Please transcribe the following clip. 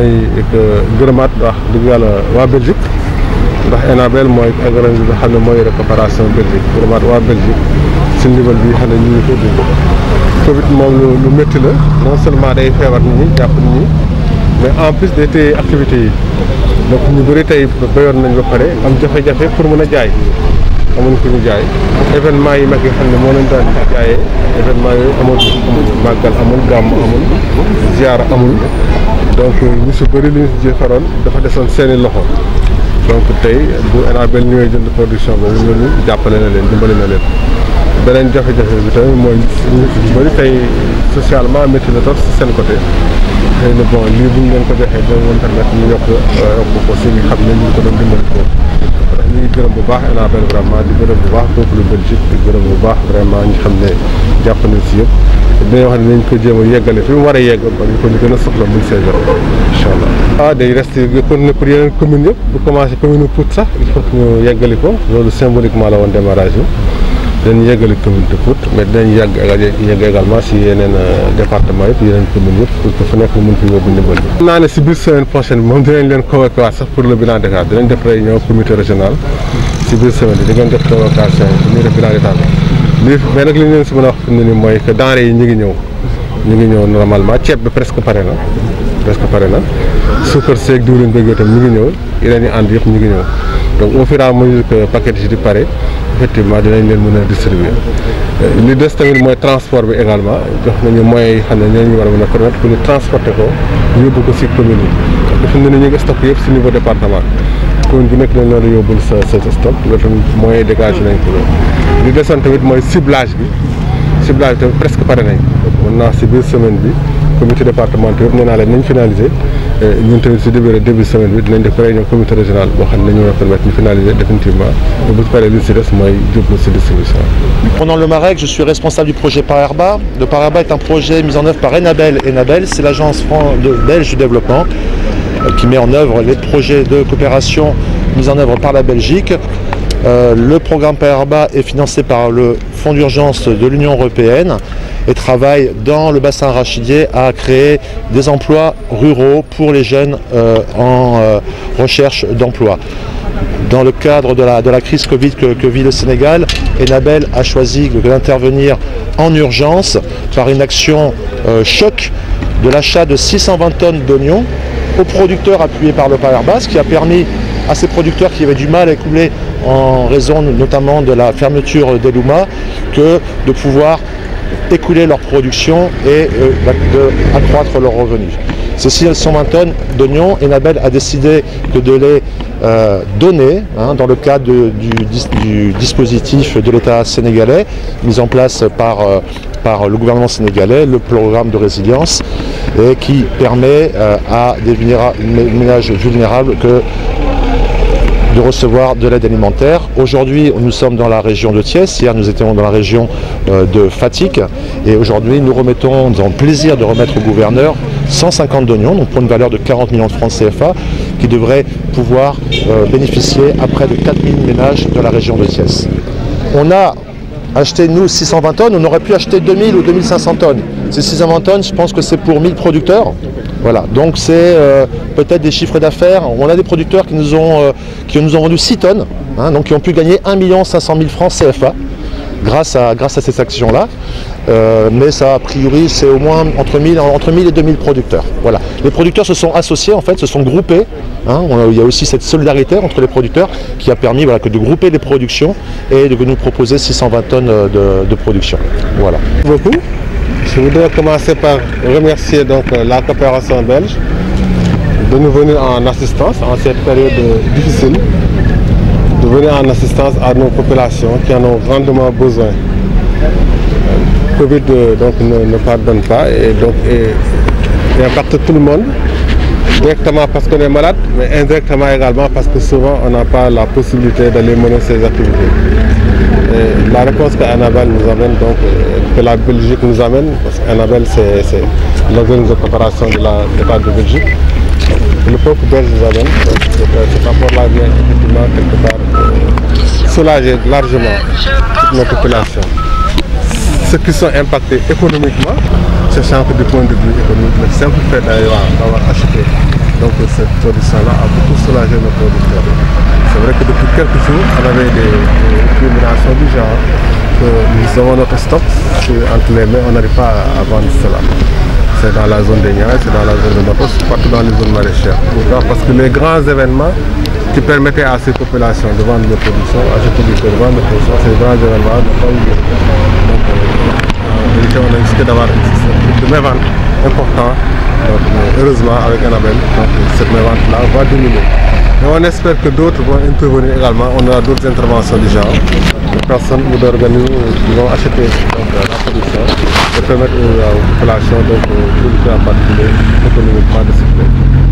mooy euh, gërëmaat wax dëgg yàlla waa Belgique ndax ENABEL mooy organisme bi xam ne mooy récupération Belgique gërëmaat waa Belgique seen ndimbal bi xam ne ñu ngi ko moom lu lu métti la non seulement day feebar nit ñi jàpp nit ñi mais en plus day téye activité yi donc ñu bëri tey béyoon nañ ba pare am jafe-jafe pour mën a jaay amuñ ko ñu jaay événement yi mag yi xam ne moo leen daan jaayee événement yooyu amul amul màggal amul gàmm amul ziyaara amul donc euh, ñu su bëri li ñu si jëfaroon dafa desoon seeni loxo donc tey bu Enabel ñëwee jënd production boobu loolu jàppale na leen dimbali na leen beneen jafe-jafe bi tamit mooy ñu si bëri tey socialement métti na trop si seen côté xëy na bon lii bu ñu leen ko joxee dina leen permettre ñu yokk yokk ko si nga xam ne ñu ngi ko doon dimbali ko ñuy gërëm bu baax El Abel vraiment di gërëm bu baax peuple Belgique di gërëm bu baax vraiment ñi xam ne jàpp nañ si yëpp dinañ wax ne nañ ko jéem a yeggale fi mu war a yegg ba ñu ko ñu gën a soxla muy seen bopp incha allah. ah day resté continuer pour yeneen commune yëpp bu commencé commune Pout sax il faut que ñu yeggali ko loolu symboliquement la woon démarrage bi. dinañ yeggali commune de Pout mais dinañ yàgg yegg également si yeneen euh, département yëpp yeneen commune yëpp pour que fu nekk mën fi yóbbu ndimbal bi naa ne si biir semaine prochaine bi moom dinañ leen convoqué waat sax pour le bilan d'état dinañ def réunion comité régional si biir semaine bi dinañ def convocation pour ñu def bilan d'état bi lii mais nag li ñu leen si mën a wax fi mu ne nii mooy que denrée yi ñu ngi ñëw ñu ngi ñëw normalement ceeb bi presque pare na presque pare na suukar seeg diwlin bëgg itam ñu ngi ñëw yeneen yi ànd yëpp ñu ngi ñëw donc au fur et à mesure que paquet yi di pare effectivement dinañ leen mën a distribuer euh, li des tamit mooy transport bi également jox nañu moyens yi xam ne ñooñu war a mën a permettre pour ñu transporter ko yóbbu ko si commune yi def na ne ñu ngi stock yëpp si niveau département commune bi nekk nañ la yóbbul sa sa stock loolu tamit moyens ko loolu li desoon tamit mooy ciblage bi ciblage bi tamit presque pare nañ mën naa si biir semaine bi comité départemental yëpp nee naa leen nañ finaliser eh, ñun tamit si début début semaine bi dinañ def Pendant le MAREC, je suis responsable du projet Parerba. est un projet mis en œuvre par Enabel. Enabel, c'est l'agence belge du développement euh, qui met en œuvre les projets de coopération mis en œuvre par la Belgique. Euh, le programme Parerba est financé par le Fonds d'urgence de l'Union européenne et travaillent dans le bassin arachidier à créer des emplois ruraux pour les jeunes euh, en euh, recherche d'emploi. Dans le cadre de la, crise Covid que, vit le Sénégal, Enabel a choisi d'intervenir en urgence par une action euh, choc de l'achat de tonnes d'oignons aux producteurs appuyés par le Palais qui a permis à ces producteurs qui avaient du mal à écouler en raison notamment de la fermeture des Luma que de pouvoir écouler leur production et euh, accroître leurs revenus. Ceci 120 tonnes d'oignons et Nabel a décidé de les euh, donner dans le cadre du, dispositif de l'État sénégalais mis en place par, euh, le gouvernement sénégalais, le programme de résilience, qui permet euh, à des ménages vulnérables que de recevoir de l'aide alimentaire. Aujourd'hui, nous sommes dans la région de Thiès. Hier, nous étions dans la région euh, de Fatigue. Et aujourd'hui, nous remettons, dans plaisir de remettre au gouverneur, d'oignons, pour une valeur de millions de francs CFA, qui devraient pouvoir euh, bénéficier à près de ménages de la région de Thiès. On a acheté, nous, tonnes. On aurait pu acheter ou tonnes. je pense que c'est pour 1000 producteurs. Voilà, donc c'est euh, peut-être des chiffres d'affaires. On a des producteurs qui nous ont, euh, qui nous ont vendu 6 tonnes, hein, donc qui ont pu gagner francs CFA grâce à, grâce à là euh, mais a priori, c'est au moins entre 1000, entre 1000 et 2000 producteurs. Voilà. Les producteurs se sont associés, en fait, se sont groupés. Hein, on a, il y a aussi cette solidarité entre les producteurs qui a permis que de grouper les productions et de nous proposer 620 tonnes euh, de, de Voilà. Je voudrais commencer par remercier donc euh, la coopération belge de nous venir en assistance en cette période euh, difficile, de venir en assistance à nos populations qui en ont grandement besoin. Euh, Covid donc, ne, ne, pardonne pas et donc et, et impacte tout le monde, directement parce qu'on est malade, mais indirectement également parce que souvent on n'a pas la possibilité d'aller mener ses activités. Et euh, la réponse qu'Annabelle nous amène, donc, euh, que la Belgique nous amène, parce qu'Annabelle, c'est l'organisme de coopération de l'État de Belgique, le peuple belge nous amène, ce euh, qui sont impactés économiquement, sachant que du point de vue économique, le simple fait d'avoir acheté donc cette production-là a beaucoup soulagé nos producteurs. C'est vrai que depuis quelques jours, on avait des, des nous avons notre stock entre les mains, on n'arrive pas à vendre cela. C'est dans la zone des Niayes, c'est dans la zone de Natos, partout dans les zones maraîchères. Pourquoi Parce que les grands événements qui permettaient à ces populations de vendre leurs productions, à ces publics de vendre leurs productions, ces grands événements n'ont pas eu lieu. Donc, en euh, vérité, euh, on a risqué d'avoir un de mévente important. Donc, euh, heureusement, avec Annabelle, donc, cette mévente-là va diminuer. Mais on espère que d'autres vont intervenir également. On aura d'autres interventions du genre. Des personnes ou d'organismes qui vont acheter donc, la production et permettre aux populations, donc aux en particulier, économiquement de circuler.